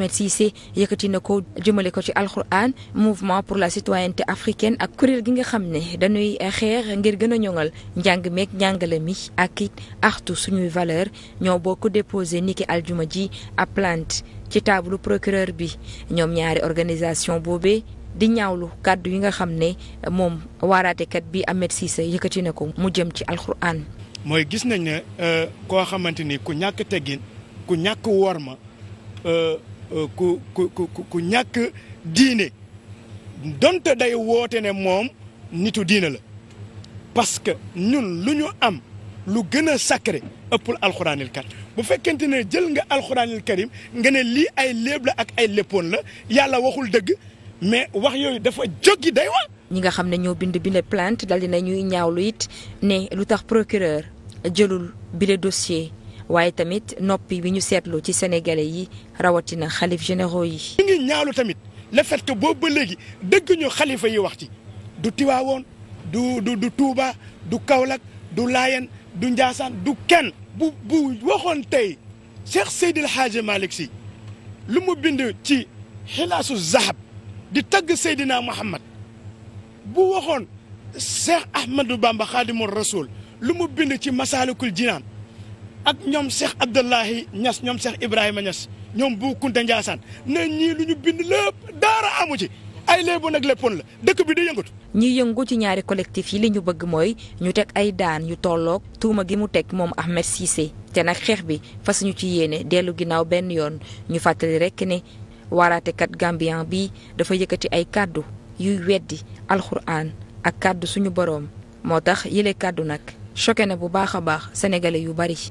Ahmed Cissé yëkkati na ko jëmale ko ci alxuraan mouvement pour la citoyenneté africain ak kuréel gi nga xam ne dañuy xeex ngir gën a ñoŋal njàng meek njàngale mi ak it axtu suñuy valeur ñoo bokk déposé niki aljuma ji à plainte ci taabalu procureur bi ñoom ñaari organisation boobee di ñaawlu kàddu yi nga xam ne moom waaraatekat bi Ahmed Cissé yëkkati na ko mu jëm ci alxuraan. mooy gis nañ ne euh, koo xamante ni ku ñàkk teggin ku ñàkk worma euh, Euh, ku ku ku ñàkk diine donte day woote ne moom nitu diine la parce que ñun lu ñu am lu gën a sacré ëppul alxuraanil karim bu fekkente ne jël nga alxuraanil karim nga ne lii ay léeb la ak ay léppoon la yàlla waxul dëgg mais wax yooyu dafa jógi day wax ñi nga xam ne ñoo bind bile plainte dal dina ñaaw lu it ne lu tax procureur jëlul bile dossier waaye tamit noppi bi ñu seetlu ci sénégalais yi rawatina xalif généraux yi. ñu ñaawlu tamit le fait que boobu ba léegi dëgg ñu xalifa yi wax ci du Tiwaawoon du du du Touba du Kaolack du Laayeen du Njaasaan du kenn. bu bu waxoon tey Cheikh Seydil Hadji Malick Sy lu mu bind ci xilaasu zahab di tagg Seydina Muhammad bu waxoon Cheikh Ahmadou Bamba Khadimul Rasoul lu mu bind ci masaalikul jinaan ak ñoom Cheikh Abdallahi Niass ñoom Cheikh Ibrahima Niass ñoom bu Kunta Ndiassane ne ñii lu ñu bind lépp daara amu ci ay léebu nag léppoon la dëkk bi di yëngatu. ñiy yëngu ci ñaari collectif yi li ñu bëgg mooy ñu teg ay daan yu tolloog tuuma gi mu teg moom Ahmed Cissé te nag xeex bi fas ñu ci yéene dellu ginnaaw benn yoon ñu fàttali rek ne waaraatekat Gambien bi dafa yëkkati ay kàddu yuy weddi alxuraan ak kàddu suñu boroom moo tax yile kàddu nag choqué na bu baax a baax sénégalais yu bari.